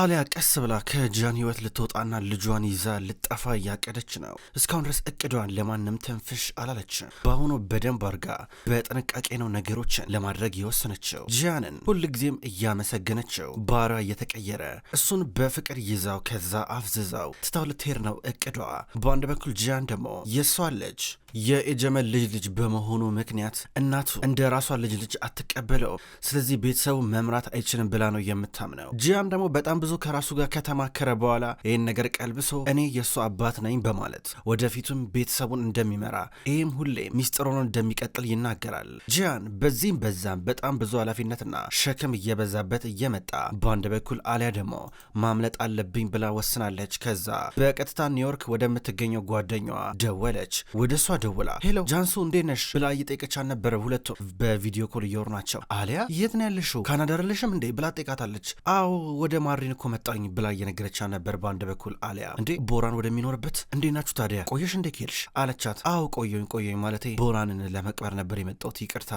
አሊያ ቀስ ብላ ከጃን ህይወት ልትወጣና ልጇን ይዛ ልጠፋ እያቀደች ነው። እስካሁን ድረስ እቅዷን ለማንም ትንፍሽ አላለችም። በአሁኑ በደንብ አድርጋ በጥንቃቄ ነው ነገሮችን ለማድረግ የወሰነችው። ሁል ሁልጊዜም እያመሰገነችው፣ ባሯ እየተቀየረ እሱን በፍቅር ይዛው ከዛ አፍዝዛው ትታው ልትሄድ ነው እቅዷ። በአንድ በኩል ጃን ደግሞ የሷ ልጅ የኤጀመል ልጅ ልጅ በመሆኑ ምክንያት እናቱ እንደ ራሷ ልጅ ልጅ አትቀበለው፣ ስለዚህ ቤተሰቡ መምራት አይችልም ብላ ነው የምታምነው። ጂያን ደግሞ በጣም ብዙ ከራሱ ጋር ከተማከረ በኋላ ይህን ነገር ቀልብሶ እኔ የእሱ አባት ነኝ በማለት ወደፊቱም ቤተሰቡን እንደሚመራ ይህም ሁሌ ሚስጥር ሆኖ እንደሚቀጥል ይናገራል። ጂያን በዚህም በዛም በጣም ብዙ ኃላፊነትና ሸክም እየበዛበት እየመጣ በአንድ በኩል አሊያ ደግሞ ማምለጥ አለብኝ ብላ ወስናለች። ከዛ በቀጥታ ኒውዮርክ ወደምትገኘው ጓደኛዋ ደወለች። ወደ እሷ ደውላ ሄሎ ጃንሱ እንዴት ነሽ ብላ እየጠየቀች ነበረ። ሁለቱ በቪዲዮ ኮል እየወሩ ናቸው። አሊያ የት ነው ያለሽው? ካናዳ አይደለሽም እንዴ ብላ ጠይቃታለች። አዎ ወደ ማሪ ቦራን እኮ መጣኝ ብላ እየነገረቻ ነበር። በአንድ በኩል አሊያ እንዴ ቦራን ወደሚኖርበት እንዴ ናችሁ ታዲያ ቆየሽ እንዴ ኬልሽ አለቻት። አዎ ቆየኝ ቆየኝ ማለቴ ቦራንን ለመቅበር ነበር የመጣሁት ይቅርታ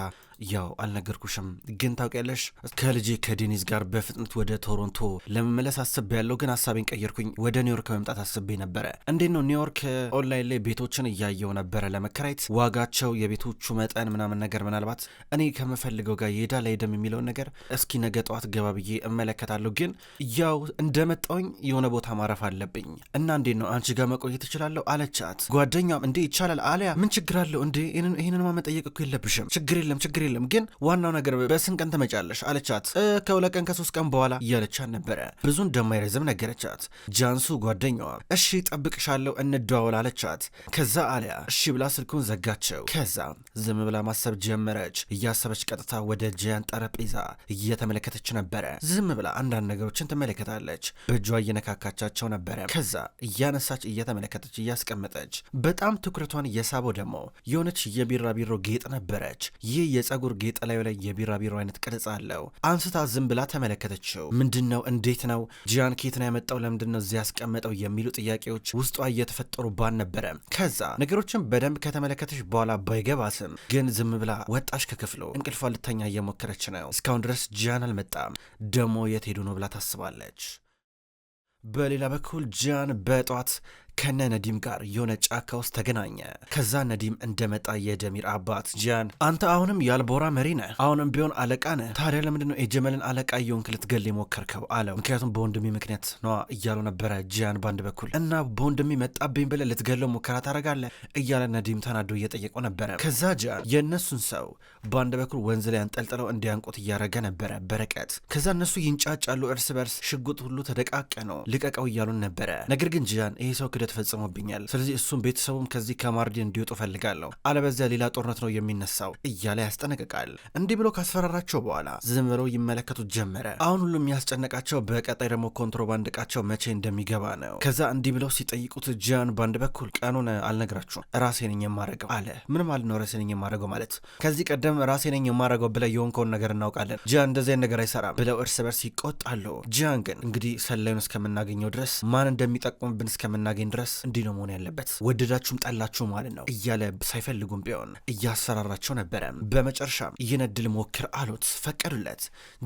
ያው አልነገርኩሽም፣ ግን ታውቂያለሽ ከልጄ ከዴኒዝ ጋር በፍጥነት ወደ ቶሮንቶ ለመመለስ አስቤ ያለው፣ ግን ሀሳቤን ቀየርኩኝ። ወደ ኒውዮርክ መምጣት አስቤ ነበረ። እንዴት ነው ኒውዮርክ ኦንላይን ላይ ቤቶችን እያየው ነበረ ለመከራየት፣ ዋጋቸው፣ የቤቶቹ መጠን ምናምን ነገር ምናልባት እኔ ከምፈልገው ጋር ይሄዳል አይሄድም የሚለውን ነገር እስኪ ነገ ጠዋት ገባ ብዬ እመለከታለሁ። ግን ያው እንደመጣውኝ የሆነ ቦታ ማረፍ አለብኝ እና እንዴት ነው አንቺ ጋር መቆየት እችላለሁ አለቻት። ጓደኛም እንዴ ይቻላል አለያ ምን ችግር አለው እንዴ ይህንን ማመጠየቅ እኮ የለብሽም ችግር የለም ችግር የለም ግን ዋናው ነገር በስንት ቀን ትመጫለሽ አለቻት። ከሁለት ቀን ከሶስት ቀን በኋላ እያለቻት ነበረ። ብዙ እንደማይረዝም ነገረቻት። ጃንሱ ጓደኛዋ እሺ ጠብቅሻለሁ እንደዋወል አለቻት። ከዛ አሊያ እሺ ብላ ስልኩን ዘጋቸው። ከዛ ዝም ብላ ማሰብ ጀመረች። እያሰበች ቀጥታ ወደ ጂያን ጠረጴዛ እየተመለከተች ነበረ። ዝም ብላ አንዳንድ ነገሮችን ትመለከታለች። በእጇ እየነካካቻቸው ነበረ። ከዛ እያነሳች እየተመለከተች እያስቀመጠች በጣም ትኩረቷን እየሳበው ደግሞ የሆነች የቢራቢሮ ጌጥ ነበረች። ይህ የፀጉር ጌጥ ላዩ ላይ የቢራቢሮ አይነት ቅርጽ አለው። አንስታ ዝም ብላ ተመለከተችው። ምንድን ነው? እንዴት ነው? ጂያን ኬት ነው ያመጣው? ለምንድን ነው እዚያ ያስቀመጠው? የሚሉ ጥያቄዎች ውስጧ እየተፈጠሩ ባን ነበረ። ከዛ ነገሮችን በደንብ ከተመለከተች በኋላ ባይገባትም ግን ዝም ብላ ወጣች ከክፍሉ። እንቅልፏ ልተኛ እየሞከረች ነው። እስካሁን ድረስ ጂያን አልመጣም። ደሞ የት ሄዱ ነው ብላ ታስባለች። በሌላ በኩል ጂያን በጧት ከነ ነዲም ጋር የሆነ ጫካ ውስጥ ተገናኘ። ከዛ ነዲም እንደመጣ የደሚር አባት ጃን አንተ አሁንም የአልቦራ መሪ ነህ፣ አሁንም ቢሆን አለቃ ነህ። ታዲያ ለምንድን ነው የጀመልን አለቃ የሆንክ ልትገል የሞከርከው? አለው። ምክንያቱም በወንድሜ ምክንያት ነዋ እያሉ ነበረ ጃን በአንድ በኩል እና በወንድሜ መጣብኝ ብለህ ልትገለው ሙከራ ታደርጋለህ እያለ ነዲም ተናዶ እየጠየቀው ነበረ። ከዛ ጃን የእነሱን ሰው በአንድ በኩል ወንዝ ላይ አንጠልጥለው እንዲያንቁት እያደረገ ነበረ በርቀት። ከዛ እነሱ ይንጫጫሉ እርስ በርስ፣ ሽጉጥ ሁሉ ተደቃቀ ነው ልቀቀው እያሉን ነበረ። ነገር ግን ጃን ይሄ ሰው ክደት ፈጽሞብኛል። ስለዚህ እሱም ቤተሰቡም ከዚህ ከማርዲን እንዲወጡ ፈልጋለሁ፣ አለበዚያ ሌላ ጦርነት ነው የሚነሳው እያለ ያስጠነቅቃል። እንዲህ ብሎ ካስፈራራቸው በኋላ ዝም ብለው ይመለከቱት ጀመረ። አሁን ሁሉም ያስጨነቃቸው በቀጣይ ደግሞ ኮንትሮባንድ እቃቸው መቼ እንደሚገባ ነው። ከዛ እንዲህ ብለው ሲጠይቁት ጃን በአንድ በኩል ቀኑን አልነግራችሁም ራሴን የማረገው አለ። ምን ማለት ነው ራሴን የማረገው ማለት? ከዚህ ቀደም ራሴን የማረገው ብለ የሆንከውን ነገር እናውቃለን። ጃን እንደዚህ ነገር አይሰራም ብለው እርስ በርስ ይቆጣሉ። ጃን ግን እንግዲህ ሰላዩን እስከምናገኘው ድረስ ማን እንደሚጠቁምብን እስከምናገኝ እስካለን ድረስ እንዲህ ነው መሆን ያለበት ወደዳችሁም ጠላችሁ ማለት ነው እያለ ሳይፈልጉም ቢሆን እያሰራራቸው ነበረ። በመጨረሻም ይነድል ሞክር አሉት፣ ፈቀዱለት።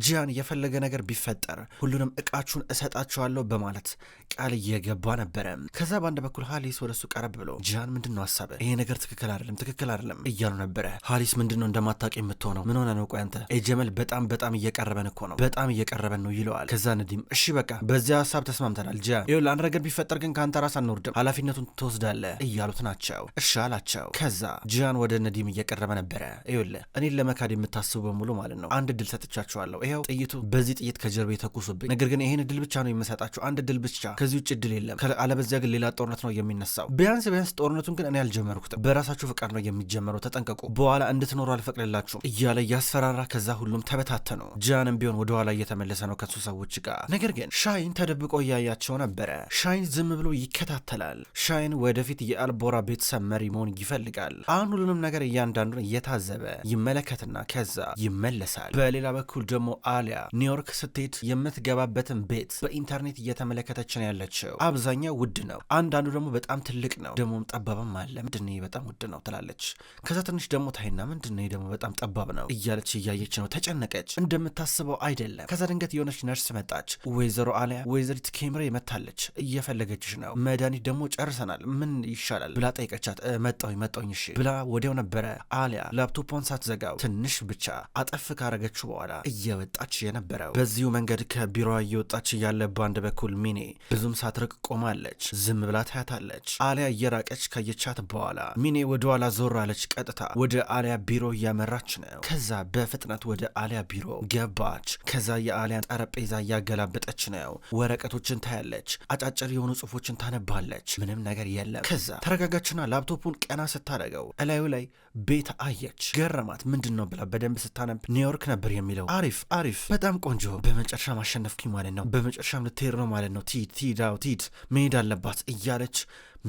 ጂያን የፈለገ ነገር ቢፈጠር ሁሉንም እቃችሁን እሰጣችኋለሁ በማለት ቃል እየገባ ነበረ። ከዛ በአንድ በኩል ሀሊስ ወደ ወደሱ ቀረብ ብሎ ጂያን ምንድን ነው ሀሳብ ይሄ ነገር ትክክል አይደለም፣ ትክክል አይደለም እያሉ ነበረ። ሀሊስ ምንድን ነው እንደማታውቅ የምትሆነው ምን ሆነ ነው? ቆይ አንተ ጀመል በጣም በጣም እየቀረበን እኮ ነው፣ በጣም እየቀረበን ነው ይለዋል። ከዛ ነዲም እሺ በቃ በዚያ ሀሳብ ተስማምተናል ጂያን ይኸውልህ አንድ ነገር ቢፈጠር ግን ከአንተ ራስ አንወ አንወርድም፣ ኃላፊነቱን ትወስዳለህ እያሉት ናቸው። እሺ አላቸው። ከዛ ጂያን ወደ ነዲም እየቀረበ ነበረ። ይኸውልህ እኔን ለመካድ የምታስቡ በሙሉ ማለት ነው አንድ እድል ሰጥቻችኋለሁ። ይኸው ጥይቱ በዚህ ጥይት ከጀርባ የተኩሱብኝ፣ ነገር ግን ይህን እድል ብቻ ነው የምሰጣችሁ። አንድ እድል ብቻ፣ ከዚህ ውጭ እድል የለም። አለበዚያ ግን ሌላ ጦርነት ነው የሚነሳው። ቢያንስ ቢያንስ ጦርነቱን ግን እኔ አልጀመርኩትም። በራሳችሁ ፍቃድ ነው የሚጀመረው። ተጠንቀቁ፣ በኋላ እንድትኖሩ አልፈቅድላችሁም እያለ እያስፈራራ ከዛ ሁሉም ተበታተኑ። ጂያንም ቢሆን ወደኋላ እየተመለሰ ነው ከሱ ሰዎች ጋር። ነገር ግን ሻይን ተደብቆ እያያቸው ነበረ። ሻይን ዝም ብሎ ይከታተል ይከታተላል። ሻይን ወደፊት የአልቦራ ቤተሰብ መሪ መሆን ይፈልጋል። አሁን ሁሉንም ነገር እያንዳንዱን እየታዘበ ይመለከትና ከዛ ይመለሳል። በሌላ በኩል ደግሞ አሊያ ኒውዮርክ ስትሄድ የምትገባበትን ቤት በኢንተርኔት እየተመለከተች ነው ያለችው። አብዛኛው ውድ ነው፣ አንዳንዱ ደግሞ በጣም ትልቅ ነው፣ ደግሞም ጠባብም አለ። ምንድን በጣም ውድ ነው ትላለች። ከዛ ትንሽ ደግሞ ታይና ምንድን ደግሞ በጣም ጠባብ ነው እያለች እያየች ነው። ተጨነቀች፣ እንደምታስበው አይደለም። ከዛ ድንገት የሆነች ነርስ መጣች። ወይዘሮ አሊያ ወይዘሪት ኬምሬ መታለች፣ እየፈለገችሽ ነው መድኃኒት መድኃኒት ደግሞ ጨርሰናል፣ ምን ይሻላል ብላ ጠይቀቻት። መጣሁኝ መጣሁኝ፣ እሺ ብላ ወዲያው ነበረ አሊያ ላፕቶፖን ሳትዘጋው ትንሽ ብቻ አጠፍ ካረገችው በኋላ እየወጣች የነበረው። በዚሁ መንገድ ከቢሮ እየወጣች እያለ በአንድ በኩል ሚኔ ብዙም ሳትርቅ ቆማለች። ዝም ብላ ታያታለች። አሊያ እየራቀች ከየቻት በኋላ ሚኔ ወደኋላ ዞራለች ዞር አለች። ቀጥታ ወደ አሊያ ቢሮ እያመራች ነው። ከዛ በፍጥነት ወደ አሊያ ቢሮ ገባች። ከዛ የአሊያን ጠረጴዛ እያገላበጠች ነው። ወረቀቶችን ታያለች። አጫጭር የሆኑ ጽሁፎችን ታነባለች። ትሰማለች። ምንም ነገር የለም። ከዛ ተረጋጋችና ላፕቶፑን ቀና ስታደርገው እላዩ ላይ ቤት አየች። ገረማት። ምንድን ነው ብላ በደንብ ስታነብ ኒውዮርክ ነበር የሚለው። አሪፍ አሪፍ፣ በጣም ቆንጆ። በመጨረሻ ማሸነፍኩኝ ማለት ነው። በመጨረሻም ልትሄድ ነው ማለት ነው። ቲድ ቲዳው ቲድ መሄድ አለባት እያለች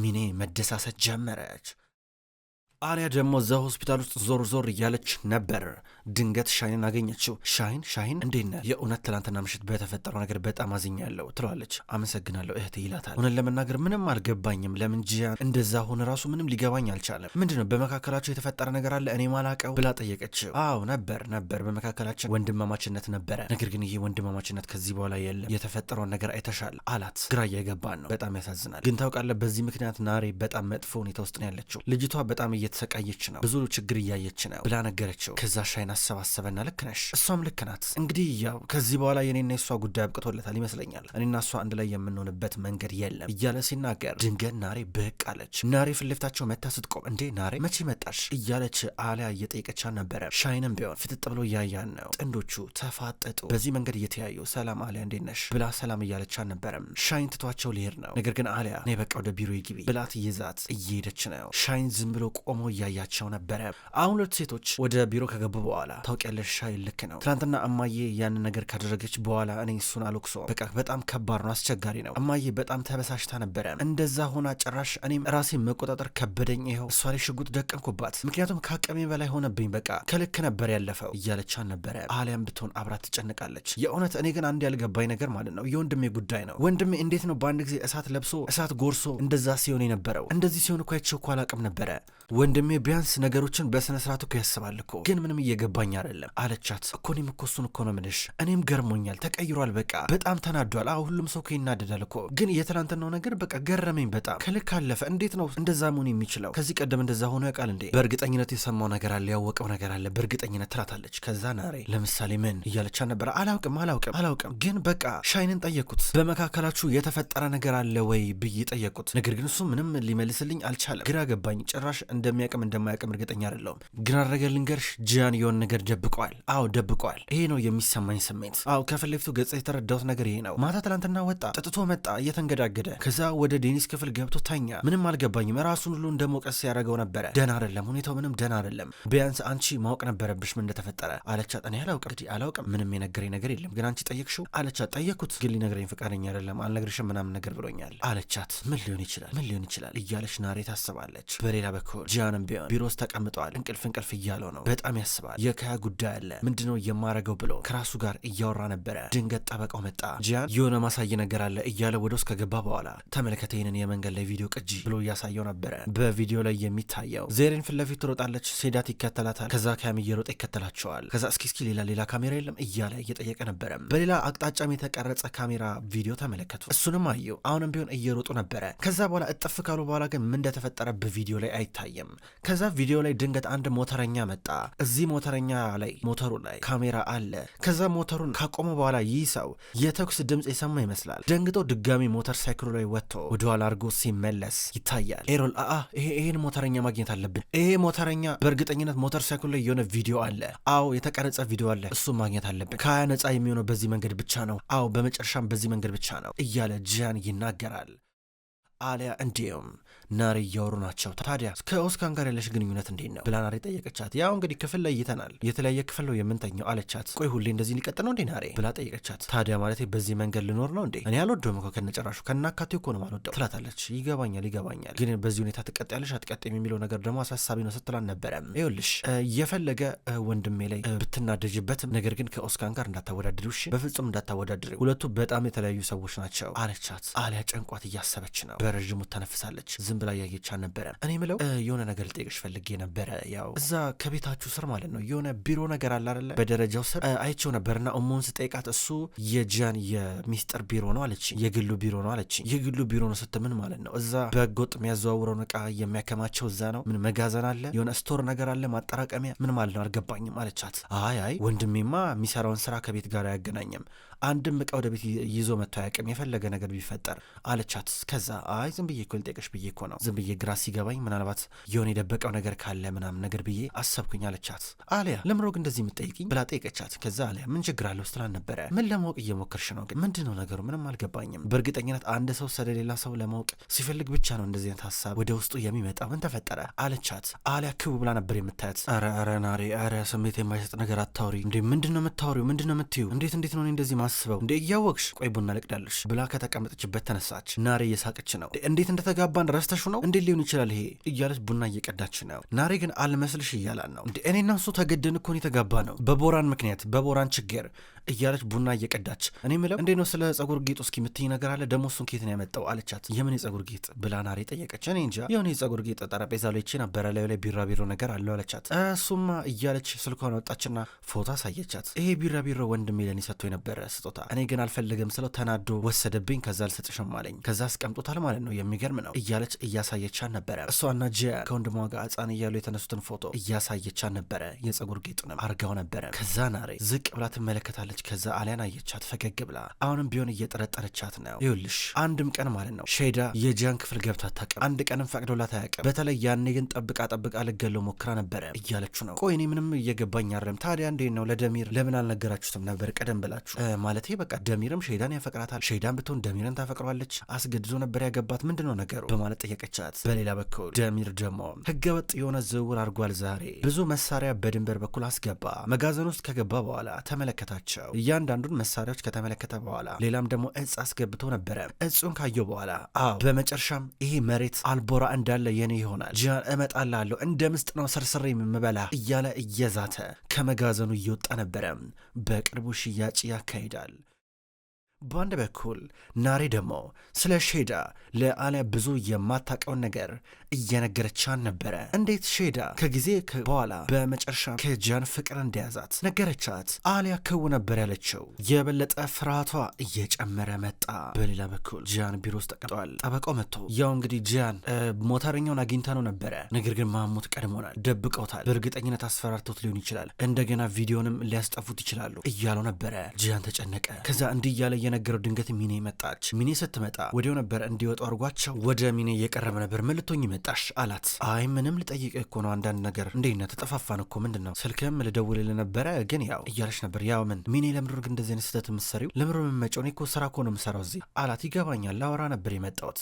ሚኔ መደሳሰት ጀመረች። አሊያ ደግሞ እዛ ሆስፒታል ውስጥ ዞር ዞር እያለች ነበር። ድንገት ሻይንን አገኘችው። ሻይን ሻይን፣ እንዴት ነህ? የእውነት ትናንትና ምሽት በተፈጠረው ነገር በጣም አዝኛለሁ ትለዋለች። አመሰግናለሁ እህቴ ይላታል። እውነት ለመናገር ምንም አልገባኝም። ለምን ጂያን እንደዛ ሆነ ራሱ ምንም ሊገባኝ አልቻለም። ምንድነው በመካከላቸው የተፈጠረ ነገር አለ እኔ ማላቀው ብላ ጠየቀችው። አዎ ነበር ነበር፣ በመካከላችን ወንድማማችነት ነበረ። ነገር ግን ይህ ወንድማማችነት ከዚህ በኋላ የለም። የተፈጠረውን ነገር አይተሻል አላት። ግራ እየገባን ነው። በጣም ያሳዝናል። ግን ታውቃለህ፣ በዚህ ምክንያት ናሬ በጣም መጥፎ ሁኔታ ውስጥ ነው ያለችው። ልጅቷ በጣም እየ እየተሰቃየች ነው፣ ብዙ ችግር እያየች ነው ብላ ነገረችው። ከዛ ሻይን አሰባሰበና ልክ ነሽ፣ እሷም ልክ ናት። እንግዲህ ያው ከዚህ በኋላ የኔና የእሷ ጉዳይ አብቅቶለታል ይመስለኛል፣ እኔና እሷ አንድ ላይ የምንሆንበት መንገድ የለም እያለ ሲናገር ድንገት ናሬ ብቅ አለች። ናሬ ፊት ለፊታቸው መታ ስትቆም እንዴ ናሬ መቼ መጣሽ እያለች አሊያ እየጠየቀቻ ነበረ። ሻይንም ቢሆን ፍጥጥ ብሎ እያያን ነው። ጥንዶቹ ተፋጠጡ። በዚህ መንገድ እየተያዩ ሰላም አሊያ እንዴት ነሽ ብላ ሰላም እያለች አልነበረም። ሻይን ትቷቸው ሊሄድ ነው። ነገር ግን አሊያ እኔ በቃ ወደ ቢሮ ግቢ ብላት ይዛት እየሄደች ነው። ሻይን ዝም ብሎ ቆ ቆመው እያያቸው ነበረ። አሁን ሁለት ሴቶች ወደ ቢሮ ከገቡ በኋላ ታውቂያለሽ፣ ሻይ ልክ ነው። ትናንትና እማዬ ያንን ነገር ካደረገች በኋላ እኔ እሱን አልወቅሰውም። በቃ በጣም ከባድ ነው፣ አስቸጋሪ ነው። እማዬ በጣም ተበሳሽታ ነበረ። እንደዛ ሆና ጭራሽ እኔም ራሴን መቆጣጠር ከበደኝ። ይኸው እሷ ላይ ሽጉጥ ደቀንኩባት፣ ምክንያቱም ከአቅሜ በላይ ሆነብኝ። በቃ ከልክ ነበር ያለፈው እያለቻን ነበረ። አሊያም ብትሆን አብራ ትጨንቃለች። የእውነት እኔ ግን አንድ ያልገባኝ ነገር ማለት ነው የወንድሜ ጉዳይ ነው። ወንድሜ እንዴት ነው በአንድ ጊዜ እሳት ለብሶ እሳት ጎርሶ እንደዛ ሲሆን የነበረው? እንደዚህ ሲሆን እኮ ያቸው እኮ አላቅም ነበረ ወንድሜ ቢያንስ ነገሮችን በስነ ስርዓት እኮ ያስባል እኮ ግን ምንም እየገባኝ አይደለም አለቻት። እኮ እኔም እኮ እሱን እኮ ነው ምንሽ እኔም ገርሞኛል፣ ተቀይሯል፣ በቃ በጣም ተናዷል። አሁ ሁሉም ሰው እኮ ይናደዳል እኮ ግን የትናንትናው ነገር በቃ ገረመኝ በጣም ከልክ አለፈ። እንዴት ነው እንደዛ መሆን የሚችለው? ከዚህ ቀደም እንደዛ ሆኖ ያውቃል እንዴ? በእርግጠኝነት የሰማው ነገር አለ፣ ያወቀው ነገር አለ በእርግጠኝነት ትላታለች። ከዛ ናሬ ለምሳሌ ምን እያለቻ ነበረ? አላውቅም አላውቅም አላውቅም ግን በቃ ሻይንን ጠየቁት በመካከላችሁ የተፈጠረ ነገር አለ ወይ ብዬ ጠየቁት ነገር ግን እሱ ምንም ሊመልስልኝ አልቻለም። ግራ ገባኝ ጭራሽ እንደ እንደሚያቅም እንደማያቅም እርግጠኛ አይደለሁም። ግን አረገ ልንገርሽ ጂያን የሆን ነገር ደብቀዋል። አዎ ደብቀዋል። ይሄ ነው የሚሰማኝ ስሜት። አዎ ከፊት ለፊቱ ገጽ የተረዳሁት ነገር ይሄ ነው። ማታ ትላንትና ወጣ፣ ጠጥቶ መጣ፣ እየተንገዳገደ ከዛ ወደ ዴኒስ ክፍል ገብቶ ተኛ። ምንም አልገባኝም። ራሱን ሁሉ እንደሞቀስ ያደረገው ነበረ። ደህና አይደለም፣ ሁኔታው ምንም ደህና አይደለም። ቢያንስ አንቺ ማወቅ ነበረብሽ ምን እንደተፈጠረ አለቻት። እኔ አላውቅም እንግዲህ አላውቅም፣ ምንም የነገረኝ ነገር የለም፣ ግን አንቺ ጠየቅሽው አለቻት። ጠየቅኩት ግን ሊነግረኝ ፈቃደኛ አይደለም፣ አልነግርሽም ምናምን ነገር ብሎኛል አለቻት። ምን ሊሆን ይችላል ምን ሊሆን ይችላል እያለች ናሬ ታስባለች። በሌላ በኩል ጂያ ኪራንም ቢሆን ቢሮ ውስጥ ተቀምጠዋል። እንቅልፍ እንቅልፍ እያለው ነው። በጣም ያስባል። የካያ ጉዳይ አለ። ምንድነው የማረገው ብሎ ከራሱ ጋር እያወራ ነበረ። ድንገት ጠበቃው መጣ። ጂያን የሆነ ማሳይ ነገር አለ እያለ ወደ ውስጥ ከገባ በኋላ ተመልከተ፣ ይህንን የመንገድ ላይ ቪዲዮ ቅጂ ብሎ እያሳየው ነበረ። በቪዲዮ ላይ የሚታየው ዜሬን ፊት ለፊት ትሮጣለች። ሴዳት ይከተላታል። ከዛ ካያም እየሮጠ ይከተላቸዋል። ከዛ እስኪ እስኪ ሌላ ሌላ ካሜራ የለም እያለ እየጠየቀ ነበረ። በሌላ አቅጣጫም የተቀረጸ ካሜራ ቪዲዮ ተመለከቱ። እሱንም አየው። አሁንም ቢሆን እየሮጡ ነበረ። ከዛ በኋላ እጥፍ ካሉ በኋላ ግን ምን እንደተፈጠረ በቪዲዮ ላይ አይታየም። ከዛ ቪዲዮ ላይ ድንገት አንድ ሞተረኛ መጣ። እዚህ ሞተረኛ ላይ ሞተሩ ላይ ካሜራ አለ። ከዛ ሞተሩን ካቆመ በኋላ ይህ ሰው የተኩስ ድምፅ የሰማ ይመስላል። ደንግጦ ድጋሚ ሞተር ሳይክሉ ላይ ወጥቶ ወደኋላ አድርጎ ሲመለስ ይታያል። ኤሮል አአ ይሄን ሞተረኛ ማግኘት አለብን። ይሄ ሞተረኛ በእርግጠኝነት ሞተር ሳይክሉ ላይ የሆነ ቪዲዮ አለ። አዎ የተቀረጸ ቪዲዮ አለ። እሱ ማግኘት አለብን። ከሀያ ነጻ የሚሆነው በዚህ መንገድ ብቻ ነው። አዎ በመጨረሻም በዚህ መንገድ ብቻ ነው እያለ ጂያን ይናገራል። አሊያ እንዲሁም ናሬ እያወሩ ናቸው። ታዲያ ከኦስካን ጋር ያለሽ ግንኙነት እንዴት ነው ብላ ናሬ ጠየቀቻት። ያው እንግዲህ ክፍል ለይተናል፣ የተለያየ ክፍል ነው የምንተኘው አለቻት። ቆይ ሁሌ እንደዚህ ሊቀጥል ነው እንዴ ናሬ ብላ ጠየቀቻት። ታዲያ ማለት በዚህ መንገድ ልኖር ነው እንዴ? እኔ አልወደውም እኮ ከነጨራሹ ከናካቴው እኮ ነው የማልወደው ትላታለች። ይገባኛል ይገባኛል፣ ግን በዚህ ሁኔታ ትቀጥያለሽ አትቀጥም የሚለው ነገር ደግሞ አሳሳቢ ነው ስትላል ነበረ። ይኸውልሽ የፈለገ ወንድሜ ላይ ብትናደጅበትም ነገር ግን ከኦስካን ጋር እንዳታወዳድሪው፣ እሺ በፍጹም እንዳታወዳድሪው፣ ሁለቱ በጣም የተለያዩ ሰዎች ናቸው አለቻት። አሊያ ጨንቋት እያሰበች ነው። በረዥሙ ተነፍሳለች። ዝም ብላ እያየች ነበረ። እኔ ምለው የሆነ ነገር ልጠይቅሽ ፈልጌ ነበረ። ያው እዛ ከቤታችሁ ስር ማለት ነው የሆነ ቢሮ ነገር አለ አይደለ? በደረጃው ስር አይቼው ነበርና እሞን ስጠይቃት እሱ የጃን የሚስጥር ቢሮ ነው አለች። የግሉ ቢሮ ነው አለች። የግሉ ቢሮ ነው ስትምን ማለት ነው? እዛ በህገወጥ የሚያዘዋውረውን እቃ የሚያከማቸው እዛ ነው። ምን መጋዘን አለ የሆነ ስቶር ነገር አለ ማጠራቀሚያ ምን ማለት ነው አልገባኝም አለቻት። አይ አይ ወንድሜማ የሚሰራውን ስራ ከቤት ጋር አያገናኝም። አንድም እቃ ወደ ቤት ይዞ መቶ አያውቅም። የፈለገ ነገር ቢፈጠር አለቻት። ከዛ አይ ዝም ብዬ እኮ ልጠይቅሽ ብዬ እኮ ነው። ዝም ብዬ ግራ ሲገባኝ ምናልባት የሆነ የደበቀው ነገር ካለ ምናምን ነገር ብዬ አሰብኩኝ አለቻት። አሊያ ለምሮግ እንደዚህ የምጠይቅኝ ብላ ጠይቀቻት። ከዛ አሊያ ምን ችግር አለው ስትላን ነበረ። ምን ለማወቅ እየሞከርሽ ነው ግን ምንድን ነው ነገሩ? ምንም አልገባኝም። በእርግጠኝነት አንድ ሰው ስለሌላ ሰው ለማወቅ ሲፈልግ ብቻ ነው እንደዚህ አይነት ሀሳብ ወደ ውስጡ የሚመጣ። ምን ተፈጠረ አለቻት። አሊያ ክቡ ብላ ነበር የምታያት። ኧረ ኧረ ናሬ ኧረ ስሜት የማይሰጥ ነገር አታውሪ እንዴ! ምንድን ነው የምታወሪው? ምንድን ነው የምትዩ? እንዴት እንዴት ነው እንደዚህ ማስበው እንዴ? እያወቅሽ ቆይ ቡና ልቅዳለሽ ብላ ከተቀመጠችበት ተነሳች። ናሬ እየሳቀች ነው። እንዴት እንደተጋባን ረስተ ረስተሹ ነው እንዴት ሊሆን ይችላል ይሄ እያለች ቡና እየቀዳች ነው። ናሬ ግን አልመስልሽ እያላን ነው። እንደ እኔና እሱ ተገደን እኮን የተጋባ ነው በቦራን ምክንያት በቦራን ችግር እያለች ቡና እየቀዳች እኔ ምለው እንዴ ነው ስለ ጸጉር ጌጥ እስኪ የምትይኝ ነገር አለ ደሞ እሱን ከየት ነው ያመጣው አለቻት። የምን የጸጉር ጌጥ ብላ ናሬ ጠየቀች። እኔ እንጃ የሆነ የጸጉር ጌጥ ጠረጴዛ ላይ ይቺ ነበረ ላዩ ላይ ቢራቢሮ ነገር አለው አለቻት። እሱማ እያለች ስልኳን ወጣችና ፎቶ አሳየቻት። ይሄ ቢራቢሮ ወንድሜ ለኔ ሰጥቶ የነበረ ስጦታ እኔ ግን አልፈልግም ስለው ተናዶ ወሰደብኝ። ከዛ አልሰጥሽም አለኝ። ከዛ አስቀምጦታል ማለት ነው የሚገርም ነው እያለች እያሳየቻን ነበረ። እሷና ጂያ ከወንድሟ ጋር ሕፃን እያሉ የተነሱትን ፎቶ እያሳየቻን ነበረ። የጸጉር ጌጡንም አርጋው ነበረ። ከዛ ናሬ ዝቅ ብላ ትመለከታለች። ከዛ አሊያን አየቻት ፈገግ ብላ። አሁንም ቢሆን እየጠረጠረቻት ነው። ይውልሽ አንድም ቀን ማለት ነው ሼዳ የጂያን ክፍል ገብታ አታውቅም። አንድ ቀንም ፈቅዶላት አያውቅም። በተለይ ያኔ ግን ጠብቃ ጠብቃ ልገለው ሞክራ ነበረ እያለች ነው። ቆይ እኔ ምንም እየገባኝ አይደለም። ታዲያ እንዴት ነው ለደሚር ለምን አልነገራችሁትም ነበር ቀደም ብላችሁ? ማለቴ በቃ ደሚርም ሼዳን ያፈቅራታል፣ ሼዳን ብትሆን ደሚርን ታፈቅረዋለች። አስገድዞ ነበር ያገባት። ምንድን ነው ነገሩ በማለት ጠየቀቻት። በሌላ በኩል ደሚር ደግሞ ህገወጥ የሆነ ዝውውር አድርጓል። ዛሬ ብዙ መሳሪያ በድንበር በኩል አስገባ። መጋዘን ውስጥ ከገባ በኋላ ተመለከታቸው። እያንዳንዱን መሳሪያዎች ከተመለከተ በኋላ ሌላም ደግሞ እጽ አስገብቶ ነበረ። እጹን ካየው በኋላ አዎ፣ በመጨረሻም ይሄ መሬት አልቦራ እንዳለ የኔ ይሆናል፣ ጂያን እመጣላለሁ፣ እንደ ምስጥ ነው ሰርስሬ የምበላ እያለ እየዛተ ከመጋዘኑ እየወጣ ነበረ። በቅርቡ ሽያጭ ያካሂዳል። በአንድ በኩል ናሬ ደግሞ ስለ ሼዳ ለአሊያ ብዙ የማታውቀውን ነገር እየነገረቻን ነበረ። እንዴት ሼዳ ከጊዜ በኋላ በመጨረሻ ከጃን ፍቅር እንደያዛት ነገረቻት። አሊያ ክው ነበር ያለችው። የበለጠ ፍርሃቷ እየጨመረ መጣ። በሌላ በኩል ጃን ቢሮ ውስጥ ተቀምጠዋል። ጠበቃው መጥቶ ያው እንግዲህ ጂያን ሞተረኛውን አግኝታ ነው ነበረ፣ ነገር ግን ማሞት ቀድሞናል፣ ደብቀውታል፣ በእርግጠኝነት አስፈራርተውት ሊሆን ይችላል፣ እንደገና ቪዲዮንም ሊያስጠፉት ይችላሉ እያለው ነበረ። ጃን ተጨነቀ። ከዛ እንዲህ እያለ የተነገረው ድንገት ሚኔ መጣች። ሚኔ ስትመጣ ወዲያው ነበር እንዲወጡ አድርጓቸው ወደ ሚኔ እየቀረበ ነበር። መልቶኝ መጣሽ አላት። አይ ምንም ልጠይቅ እኮ ነው አንዳንድ ነገር እንዴና ተጠፋፋን እኮ ምንድን ነው ስልክም ልደውልልህ ነበረ ግን ያው እያለች ነበር። ያው ምን ሚኔ ለምድር ግን እንደዚህ አይነት ስህተት የምትሰሪው ለምድር የምመጪው እኔ እኮ ስራ እኮ ነው የምሰራው እዚህ አላት። ይገባኛል ላወራ ነበር የመጣሁት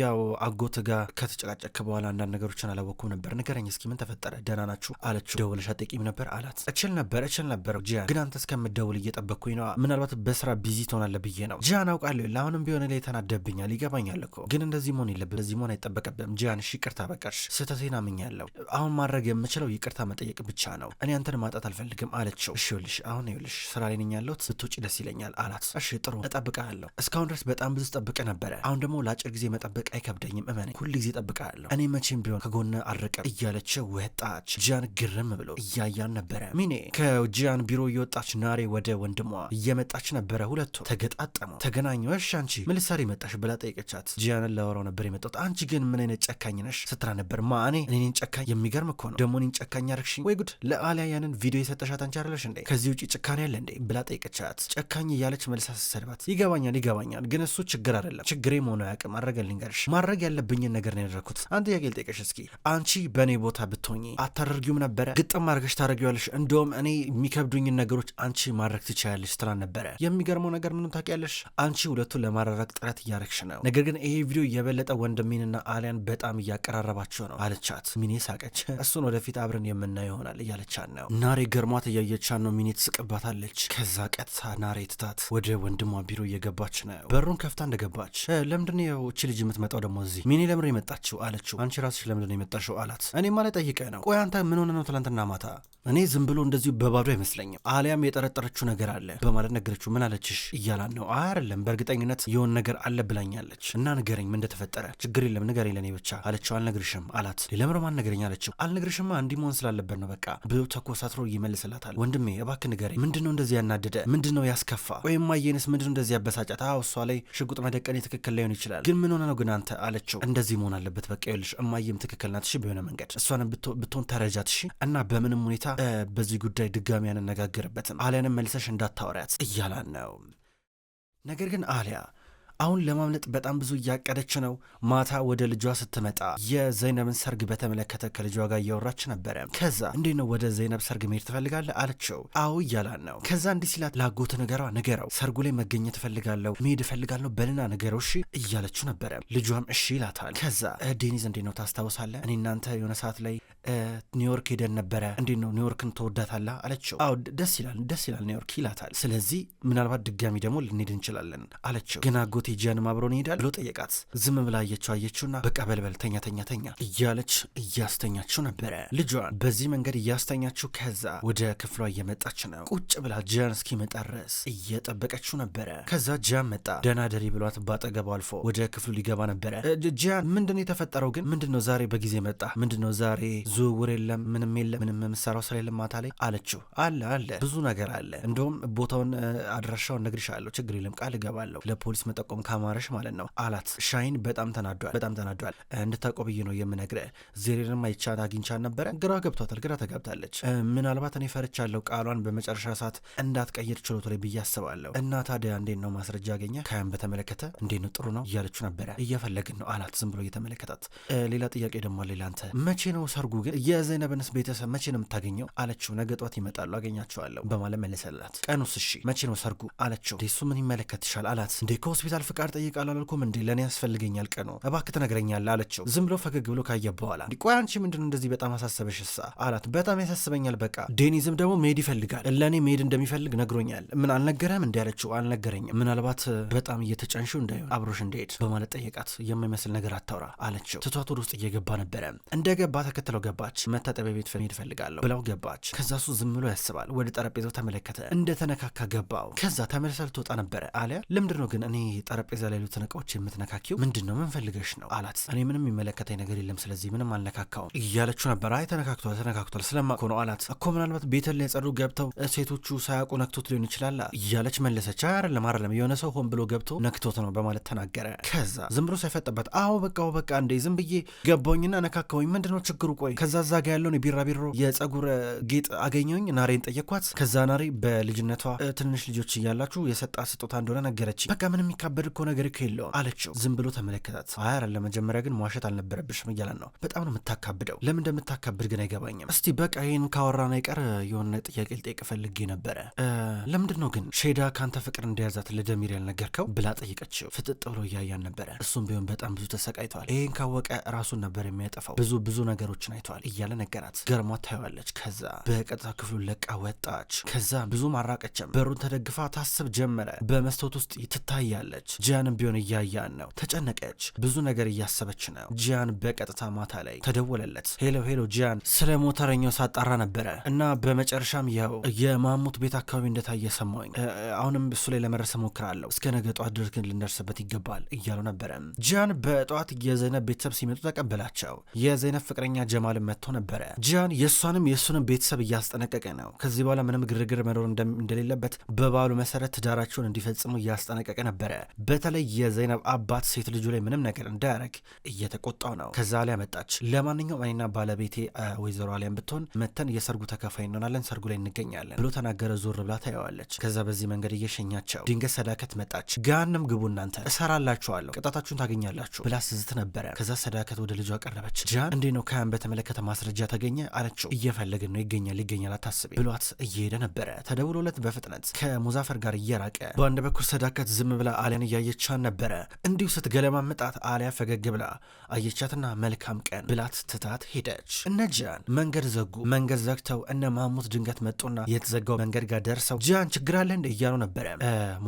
ያው አጎት ጋር ከተጨቃጨክ በኋላ አንዳንድ ነገሮችን አላወቅኩም ነበር። ንገረኝ እስኪ ምን ተፈጠረ? ደህና ናችሁ አለችው። ደውለሽ አጠቂም ነበር አላት። እችል ነበር እችል ነበር ጂያን ግን አንተ እስከምደውል እየጠበቅኩኝ ነው ምናልባት በስራ ቢዚ ትሆናለብ ብዬ ነው። ጂያን አውቃለሁ ለአሁንም ቢሆን ላይ ተናደብኛል። ይገባኛል እኮ ግን እንደዚህ መሆን የለብን እንደዚህ መሆን አይጠበቅብም። ጂያን እሺ ይቅርታ በቀርሽ ስህተቴን አምኛለሁ። አሁን ማድረግ የምችለው ይቅርታ መጠየቅ ብቻ ነው። እኔ አንተን ማጣት አልፈልግም አለችው። እሺ ይኸውልሽ አሁን ይኸውልሽ ስራ ላይ ነኝ ያለሁት ስትውጪ ደስ ይለኛል አላት። እሺ ጥሩ እጠብቅሃለሁ። እስካሁን ድረስ በጣም ብዙ ጠብቀ ነበረ። አሁን ደግሞ ለአጭር ጊዜ መጠበቅ አይከብደኝም። እመነኝ ሁል ጊዜ እጠብቅሃለሁ። እኔ መቼም ቢሆን ከጎነ አልርቅም እያለችው ወጣች። ጂያን ግርም ብሎ እያያን ነበረ። ሚኔ ከጂያን ቢሮ እየወጣች ናሬ ወደ ወንድሟ እየመጣች ነበረ። ሁለቱ ተገ ተገጣጠመው። ተገናኘው። እሺ አንቺ ምን ልትሰሪ መጣሽ ብላ ጠየቀቻት። ጂያንን ላወራው ነበር የመጣሁት። አንቺ ግን ምን አይነት ጨካኝ ነሽ ስትራ ነበር። ማ እኔ እኔን ጨካኝ? የሚገርም እኮ ነው ደግሞ እኔን ጨካኝ አረግሽኝ ወይ ጉድ! ለአሊያ ያንን ቪዲዮ የሰጠሻት አንቺ አይደለሽ እንዴ? ከዚህ ውጭ ጭካኔ ያለ እንዴ ብላ ጠየቀቻት። ጨካኝ እያለች መልሳ ስትሰድባት፣ ይገባኛል ይገባኛል፣ ግን እሱ ችግር አይደለም ችግሬ መሆኑ አያውቅም። አድረገልኝ ጋርሽ ማድረግ ያለብኝን ነገር ነው ያደረኩት። አንድ ጥያቄ ልጠየቅሽ እስኪ አንቺ በእኔ ቦታ ብትሆኚ አታደርጊውም ነበረ? ግጥም አድርገሽ ታደርጊዋለሽ። እንደውም እኔ የሚከብዱኝን ነገሮች አንቺ ማድረግ ትችያለሽ ስትራ ነበረ። የሚገርመው ነገር ምንም ታውቂያለሽ፣ አንቺ ሁለቱን ለማራራቅ ጥረት እያረግሽ ነው። ነገር ግን ይሄ ቪዲዮ የበለጠ ወንድሜንና አሊያን በጣም እያቀራረባቸው ነው አለቻት። ሚኔ ሳቀች። እሱን ወደፊት አብረን የምናየው ይሆናል እያለቻት ነው። ናሬ ገርሟት እያየቻት ነው። ሚኔ ትስቅባታለች። ከዛ ቀጥታ ናሬ ትታት ወደ ወንድሟ ቢሮ እየገባች ነው። በሩን ከፍታ እንደገባች ለምንድነው ያው እቺ ልጅ የምትመጣው ደግሞ እዚህ? ሚኔ ለምን የመጣችው አለችው። አንቺ ራስሽ ለምንድነው የመጣሽው አላት። እኔ ማለት ጠይቀ ነው። ቆይ አንተ ምን ሆነ ነው ትላንትና ማታ እኔ ዝም ብሎ እንደዚሁ በባዶ አይመስለኝም። አሊያም የጠረጠረችው ነገር አለ በማለት ነገረችው። ምን አለችሽ እያላ ነው። አይ አይደለም፣ በእርግጠኝነት የሆን ነገር አለ ብላኛለች እና ንገረኝ፣ ምን እንደተፈጠረ። ችግር የለም ንገረኝ፣ ለእኔ ብቻ አለችው። አልነግርሽም አላት። ለምረም አልነገረኝ አለችው። አልነግርሽማ እንዲህ መሆን ስላለበት ነው በቃ ብሎ ተኮሳትሮ ይመልስላታል። ወንድሜ እባክህ ንገረኝ፣ ምንድነው እንደዚህ ያናደደ? ምንድነው ያስከፋ? ወይም አየንስ ምንድነው እንደዚህ ያበሳጫት? አዎ እሷ ላይ ሽጉጥ መደቀኔ ትክክል ላይሆን ይችላል፣ ግን ምን ሆነ ነው ግን አንተ አለችው። እንደዚህ መሆን አለበት በቃ ይኸውልሽ፣ እማየም ትክክል ናት። እሺ በሆነ መንገድ እሷንም ብትሆን ተረጃት። እሺ እና በምንም ሁኔታ በዚህ ጉዳይ ድጋሚ አንነጋገርበትም፣ አሊያንም መልሰሽ እንዳታወሪያት እያላን ነው ነገር ግን አሊያ አሁን ለማምለጥ በጣም ብዙ እያቀደች ነው። ማታ ወደ ልጇ ስትመጣ የዘይነብን ሰርግ በተመለከተ ከልጇ ጋር እያወራች ነበረ። ከዛ እንዴት ነው ወደ ዘይነብ ሰርግ መሄድ ትፈልጋለህ አለችው። አዎ እያላን ነው። ከዛ እንዲህ ሲላት ላጎት ነገሯ ነገረው፣ ሰርጉ ላይ መገኘት እፈልጋለሁ፣ መሄድ እፈልጋለሁ፣ በልና ነገረው እሺ እያለችው ነበረ። ልጇም እሺ ይላታል። ከዛ ዴኒዝ እንዴት ነው ታስታውሳለህ? እኔ እናንተ የሆነ ሰዓት ላይ ኒውዮርክ ሄደን ነበረ። እንዴት ነው ኒውዮርክን ተወዳታላ? አለችው። አዎ ደስ ይላል ደስ ይላል ኒውዮርክ ይላታል። ስለዚህ ምናልባት ድጋሚ ደግሞ ልንሄድ እንችላለን አለችው። ግን አጎቴ ጂያንም አብሮን ይሄዳል ብሎ ጠየቃት። ዝም ብላ አየችው። አየችውና በቃ በልበል ተኛ ተኛ ተኛ እያለች እያስተኛችው ነበረ። ልጇን በዚህ መንገድ እያስተኛችው፣ ከዛ ወደ ክፍሏ እየመጣች ነው። ቁጭ ብላ ጂያን እስኪመጣ ድረስ እየጠበቀችው ነበረ። ከዛ ጂያን መጣ። ደህና ደሪ ብሏት ባጠገቡ አልፎ ወደ ክፍሉ ሊገባ ነበረ። ጂያን ምንድነው የተፈጠረው ግን? ምንድነው ዛሬ በጊዜ መጣ? ምንድነው ዛሬ ዝውውር የለም፣ ምንም የለም፣ ምንም የምሰራው ስራ የለም ማታ ላይ አለችው። አለ አለ ብዙ ነገር አለ። እንደውም ቦታውን አድራሻውን እነግርሻለሁ፣ ችግር የለም፣ ቃል እገባለሁ፣ ለፖሊስ መጠቆም ካማረሽ ማለት ነው አላት። ሻይን በጣም ተናዷል፣ በጣም ተናዷል። እንድታቆብይ ነው የምነግርህ። ዜሬንም አይቻት አግኝቻ ነበረ፣ ግራ ገብቷታል፣ ግራ ተጋብታለች። ምናልባት እኔ ፈርቻለሁ፣ ቃሏን በመጨረሻ ሰዓት እንዳትቀይር ችሎቱ ላይ ብዬ አስባለሁ። እና ታዲያ እንዴት ነው ማስረጃ ያገኘ ካያን በተመለከተ እንዴት ነው? ጥሩ ነው እያለችው ነበረ። እየፈለግን ነው አላት፣ ዝም ብሎ እየተመለከታት። ሌላ ጥያቄ ደግሞ ሌላ አንተ መቼ ነው ሰርጉ ግን የዘይነብንስ ቤተሰብ መቼ ነው የምታገኘው አለችው። ነገ ጠዋት ይመጣሉ አገኛቸዋለሁ በማለት መለሰላት። ቀኑስ? እሺ መቼ ነው ሰርጉ አለችው። እሱ ምን ይመለከትሻል አላት። እንዴ ከሆስፒታል ፍቃድ ጠይቃለሁ አላልኩም እንዴ? ለእኔ ያስፈልገኛል ቀኑ፣ እባክህ ትነግረኛለህ አለችው። ዝም ብሎ ፈገግ ብሎ ካየ በኋላ ቆይ አንቺ ምንድን እንደዚህ በጣም አሳሰበሽ እሳ አላት። በጣም ያሳስበኛል በቃ ዴኒዝም ደግሞ መሄድ ይፈልጋል ለእኔ መሄድ እንደሚፈልግ ነግሮኛል። ምን አልነገረም እንዲ አለችው። አልነገረኝም ምናልባት በጣም እየተጫንሽው እንዳይሆን አብሮሽ እንደሄድ በማለት ጠየቃት። የማይመስል ነገር አታውራ አለችው። ትቷት ወደ ውስጥ እየገባ ነበረ። እንደገባ ተከትለው ገባ። ገባች። መታጠቢያ ቤት መሄድ እፈልጋለሁ ብላው ገባች። ከዛ እሱ ዝም ብሎ ያስባል። ወደ ጠረጴዛው ተመለከተ። እንደተነካካ ገባው። ከዛ ተመልሳ ልትወጣ ነበረ። አሊያ ለምንድን ነው ግን እኔ ጠረጴዛ ላይ ያሉትን እቃዎች የምትነካኪው? ምንድን ነው ምን ፈልገሽ ነው አላት። እኔ ምንም የሚመለከተኝ ነገር የለም ስለዚህ ምንም አልነካካውም እያለችው ነበር። አይ ተነካክቷል፣ ተነካክቷል ስለማኮ ነው አላት። እኮ ምናልባት ቤተን ሊያጸዱ ገብተው ሴቶቹ ሳያውቁ ነክቶት ሊሆን ይችላል እያለች መለሰች። አይደለም አይደለም የሆነ ሰው ሆን ብሎ ገብቶ ነክቶት ነው በማለት ተናገረ። ከዛ ዝም ብሎ ሳይፈጠበት አዎ በቃ በቃ እንዴ ዝም ብዬ ገባኝና ነካካውኝ ምንድነው ችግሩ? ቆይ ከዛ እዛ ጋ ያለውን የቢራቢሮ የጸጉር ጌጥ አገኘውኝ። ናሬን ጠየኳት። ከዛ ናሬ በልጅነቷ ትንሽ ልጆች እያላችሁ የሰጣ ስጦታ እንደሆነ ነገረች። በቃ ምንም የሚካበድ እኮ ነገር እኮ የለውም አለችው። ዝም ብሎ ተመለከታት። አይ አለ መጀመሪያ ግን መዋሸት አልነበረብሽም እያለን ነው። በጣም ነው የምታካብደው። ለምን እንደምታካብድ ግን አይገባኝም። እስቲ በቃ ይህን ካወራና ይቀር የሆነ ጥያቄ ልጠይቅ ፈልጌ ነበረ። ለምንድን ነው ግን ሼዳ ከአንተ ፍቅር እንደያዛት ለደሚር ያልነገርከው ብላ ጠይቀችው። ፍጥጥ ብሎ እያያን ነበረ። እሱም ቢሆን በጣም ብዙ ተሰቃይተዋል። ይህን ካወቀ ራሱን ነበር የሚያጠፋው። ብዙ ብዙ ነገሮችን አይቷል። ተገናኝቷል እያለ ነገራት። ገርማ ታየዋለች። ከዛ በቀጥታ ክፍሉ ለቃ ወጣች። ከዛ ብዙ ማራቀችም በሩን ተደግፋ ታስብ ጀመረ። በመስታወት ውስጥ ትታያለች። ጂያንም ቢሆን እያያን ነው። ተጨነቀች። ብዙ ነገር እያሰበች ነው። ጂያን በቀጥታ ማታ ላይ ተደወለለት። ሄሎ ሄሎ፣ ጂያን ስለ ሞተረኛው ሳጣራ ነበረ እና በመጨረሻም ያው የማሙት ቤት አካባቢ እንደታየ ሰማኝ። አሁንም እሱ ላይ ለመድረስ ሞክራለሁ። እስከ ነገ ጠዋት ድረስ ግን ልንደርስበት ይገባል እያሉ ነበረ። ጂያን በጠዋት የዘይነብ ቤተሰብ ሲመጡ ተቀበላቸው። የዘይነብ ፍቅረኛ ጀማል በመባልም መጥቶ ነበረ። ጂያን የእሷንም የእሱንም ቤተሰብ እያስጠነቀቀ ነው። ከዚህ በኋላ ምንም ግርግር መኖር እንደሌለበት በባሉ መሰረት ትዳራቸውን እንዲፈጽሙ እያስጠነቀቀ ነበረ። በተለይ የዘይነብ አባት ሴት ልጁ ላይ ምንም ነገር እንዳያረግ እየተቆጣው ነው። ከዛ ላይ መጣች። ለማንኛውም እኔና ባለቤቴ ወይዘሮ አሊያን ብትሆን መተን የሰርጉ ተከፋይ እንሆናለን፣ ሰርጉ ላይ እንገኛለን ብሎ ተናገረ። ዞር ብላ ታየዋለች። ከዛ በዚህ መንገድ እየሸኛቸው ድንገት ሰዳከት መጣች። ጋንም ግቡ እናንተ እሰራላችኋለሁ፣ ቅጣታችሁን ታገኛላችሁ ብላ ስዝት ነበረ። ከዛ ሰዳከት ወደ ልጇ ቀረበች። ጃን እንዴ ነው ከያን በተመለ የተመለከተ ማስረጃ ተገኘ አለችው። እየፈለግን ነው፣ ይገኛል ይገኛል፣ አታስቤ ብሏት እየሄደ ነበረ። ተደውሎለት በፍጥነት ከሙዛፈር ጋር እየራቀ በአንድ በኩል ሰዳከት ዝም ብላ አሊያን እያየቻን ነበረ። እንዲሁ ስትገለማምጣት አሊያ ፈገግ ብላ አየቻትና መልካም ቀን ብላት ትታት ሄደች። እነ ጂያን መንገድ ዘጉ። መንገድ ዘግተው እነ ማሙት ድንገት መጡና የተዘጋው መንገድ ጋር ደርሰው ጂያን ችግር አለ እንደ እያሉ ነበረ።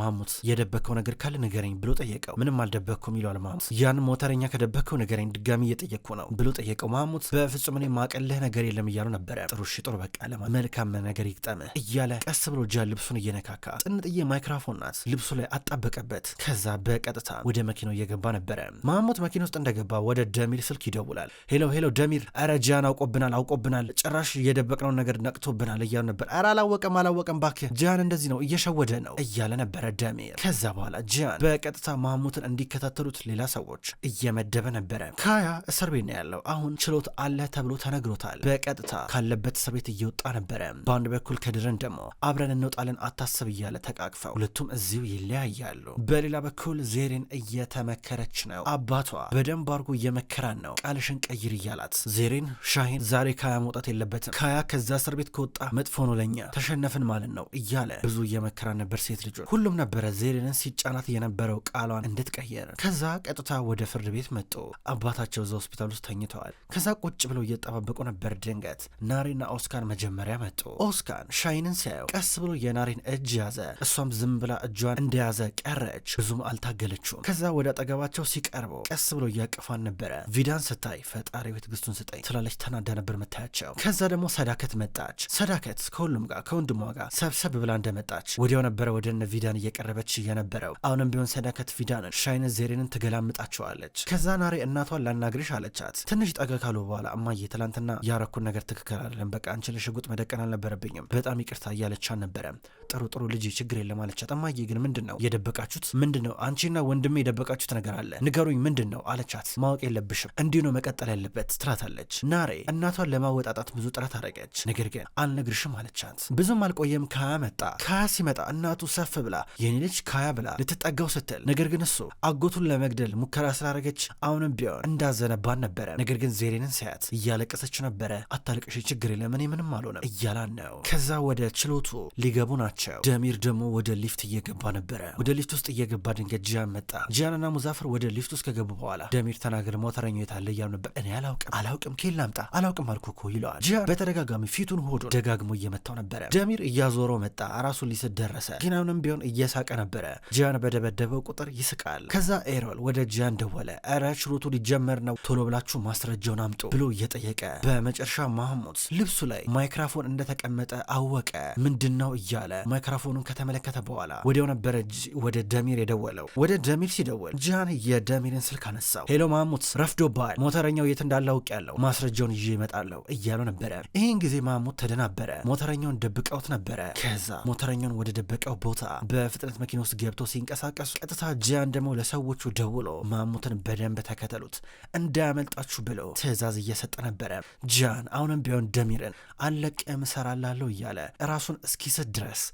ማሙት የደበከው ነገር ካለ ንገረኝ ብሎ ጠየቀው። ምንም አልደበኩም ይለዋል ማሙት። ያን ሞተረኛ ከደበከው ንገረኝ ድጋሚ እየጠየቅኩ ነው ብሎ ጠየቀው ማሙት በፍ በፍጹም እኔ ማቀልህ ነገር የለም እያሉ ነበረ። ጥሩ እሺ ጥሩ በቃ ለማ መልካም ነገር ይግጠምህ እያለ ቀስ ብሎ ጃ ልብሱን እየነካካ ጥንጥዬ ማይክራፎን ናት ልብሱ ላይ አጣበቀበት። ከዛ በቀጥታ ወደ መኪናው እየገባ ነበረ። ማሞት መኪና ውስጥ እንደገባ ወደ ደሚር ስልክ ይደውላል። ሄሎ ሄሎ ደሚር፣ ኧረ ጃን አውቆብናል አውቆብናል፣ ጭራሽ የደበቅነውን ነገር ነቅቶብናል እያሉ ነበር። ኧረ አላወቀም አላወቀም እባክህ ጃን እንደዚህ ነው እየሸወደ ነው እያለ ነበረ ደሚር። ከዛ በኋላ ጃን በቀጥታ ማሞትን እንዲከታተሉት ሌላ ሰዎች እየመደበ ነበረ። ካያ እስር ቤት ነው ያለው። አሁን ችሎት አለ ተብሎ ተነግሮታል። በቀጥታ ካለበት እስር ቤት እየወጣ ነበረ። በአንድ በኩል ከድረን ደግሞ አብረን እንወጣለን አታስብ እያለ ተቃቅፈው ሁለቱም እዚሁ ይለያያሉ። በሌላ በኩል ዜሬን እየተመከረች ነው። አባቷ በደንብ አርጎ እየመከራን ነው። ቃልሽን ቀይር እያላት ዜሬን ሻሂን ዛሬ ካያ መውጣት የለበትም ካያ ከዛ እስር ቤት ከወጣ መጥፎ ነው ለኛ ተሸነፍን ማለት ነው እያለ ብዙ እየመከራን ነበር። ሴት ልጁን ሁሉም ነበረ ዜሬንን ሲጫናት የነበረው ቃሏን እንድትቀየር። ከዛ ቀጥታ ወደ ፍርድ ቤት መጡ። አባታቸው እዛ ሆስፒታል ውስጥ ተኝተዋል። ከዛ ቁጭ ብለው እየጠባበቁ ነበር። ድንገት ናሬና ኦስካን መጀመሪያ መጡ። ኦስካን ሻይንን ሲያየው ቀስ ብሎ የናሬን እጅ ያዘ። እሷም ዝም ብላ እጇን እንደያዘ ቀረች። ብዙም አልታገለችውም። ከዛ ወደ አጠገባቸው ሲቀርበው ቀስ ብሎ እያቀፋን ነበረ። ቪዳን ስታይ ፈጣሪ ቤት ግስቱን ስጠኝ ትላለች። ተናዳ ነበር መታያቸው። ከዛ ደግሞ ሰዳከት መጣች። ሰዳከት ከሁሉም ጋር ከወንድሟ ጋር ሰብሰብ ብላ እንደመጣች ወዲያው ነበረ ወደ እነ ቪዳን እየቀረበች የነበረው። አሁንም ቢሆን ሰዳከት ቪዳንን፣ ሻይንን፣ ዜሬንን ትገላምጣቸዋለች። ከዛ ናሬ እናቷን ላናግርሽ አለቻት። ትንሽ ጠጋ ካሉ በኋላ እማ እማዬ ትላንትና ያረኩን ነገር ትክክል አይደለም፣ በቃ አንቺ ላይ ሽጉጥ መደቀን አልነበረብኝም፣ በጣም ይቅርታ እያለቻን ነበረ። ጥሩ ጥሩ ልጅ ችግር የለም አለቻት። እማዬ ግን ምንድን ነው የደበቃችሁት? ምንድን ነው አንቺና ወንድሜ የደበቃችሁት ነገር አለ ንገሩኝ፣ ምንድን ነው አለቻት። ማወቅ የለብሽም እንዲህ ነው መቀጠል ያለበት ትላታለች። ናሬ እናቷን ለማወጣጣት ብዙ ጥረት አደረገች፣ ነገር ግን አልነግርሽም አለቻት። ብዙም አልቆየም ካያ መጣ። ካያ ሲመጣ እናቱ ሰፍ ብላ የኔ ልጅ ካያ ብላ ልትጠጋው ስትል፣ ነገር ግን እሱ አጎቱን ለመግደል ሙከራ ስላረገች አሁንም ቢሆን እንዳዘነባን ነበረ። ነገር ግን ዜሬንን ሳያት እያለቀሰች ነበረ። አታልቅሽ፣ ችግር የለም እኔ ምንም አልሆነም እያላን ነው። ከዛ ወደ ችሎቱ ሊገቡ ናቸው። ናቸው። ደሚር ደግሞ ወደ ሊፍት እየገባ ነበረ። ወደ ሊፍት ውስጥ እየገባ ድንገት ጂያን መጣ። ጂያንና ሙዛፍር ወደ ሊፍት ውስጥ ከገቡ በኋላ ደሚር ተናገር ሞተረኛ የታለ እያሉ ነበር። እኔ አላውቅም አላውቅም ኬል ላምጣ አላውቅም አልኩ እኮ ይለዋል። ጂያን በተደጋጋሚ ፊቱን ሆዶ ደጋግሞ እየመታው ነበረ። ደሚር እያዞረው መጣ። ራሱን ሊስት ደረሰ። ግን አሁንም ቢሆን እየሳቀ ነበረ። ጂያን በደበደበው ቁጥር ይስቃል። ከዛ ኤሮል ወደ ጂያን ደወለ። እረ ችሎቱ ሊጀመር ነው ቶሎ ብላችሁ ማስረጃውን አምጡ ብሎ እየጠየቀ በመጨረሻ ማህሙድ ልብሱ ላይ ማይክራፎን እንደተቀመጠ አወቀ። ምንድን ነው እያለ ማይክሮፎኑን ከተመለከተ በኋላ ወዲያው ነበረ ወደ ደሚር የደወለው። ወደ ደሚር ሲደወል ጂሃን የደሚርን ስልክ አነሳው። ሄሎ ማሙት ረፍዶብሃል፣ ሞተረኛው የት እንዳለ አውቃለሁ፣ ማስረጃውን ይዤ እመጣለሁ እያለው ነበረ። ይህን ጊዜ ማሙት ተደናበረ። ሞተረኛውን ደብቀውት ነበረ። ከዛ ሞተረኛውን ወደ ደበቀው ቦታ በፍጥነት መኪና ውስጥ ገብቶ ሲንቀሳቀሱ ቀጥታ ጂያን ደግሞ ለሰዎቹ ደውሎ ማሙትን በደንብ ተከተሉት እንዳያመልጣችሁ ብሎ ትዕዛዝ እየሰጠ ነበረ። ጂያን አሁንም ቢሆን ደሚርን አለቀም እሰራላለሁ እያለ ራሱን እስኪስት ድረስ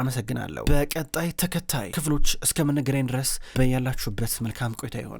አመሰግናለሁ። በቀጣይ ተከታይ ክፍሎች እስከምንገናኝ ድረስ በያላችሁበት መልካም ቆይታ ይሆን።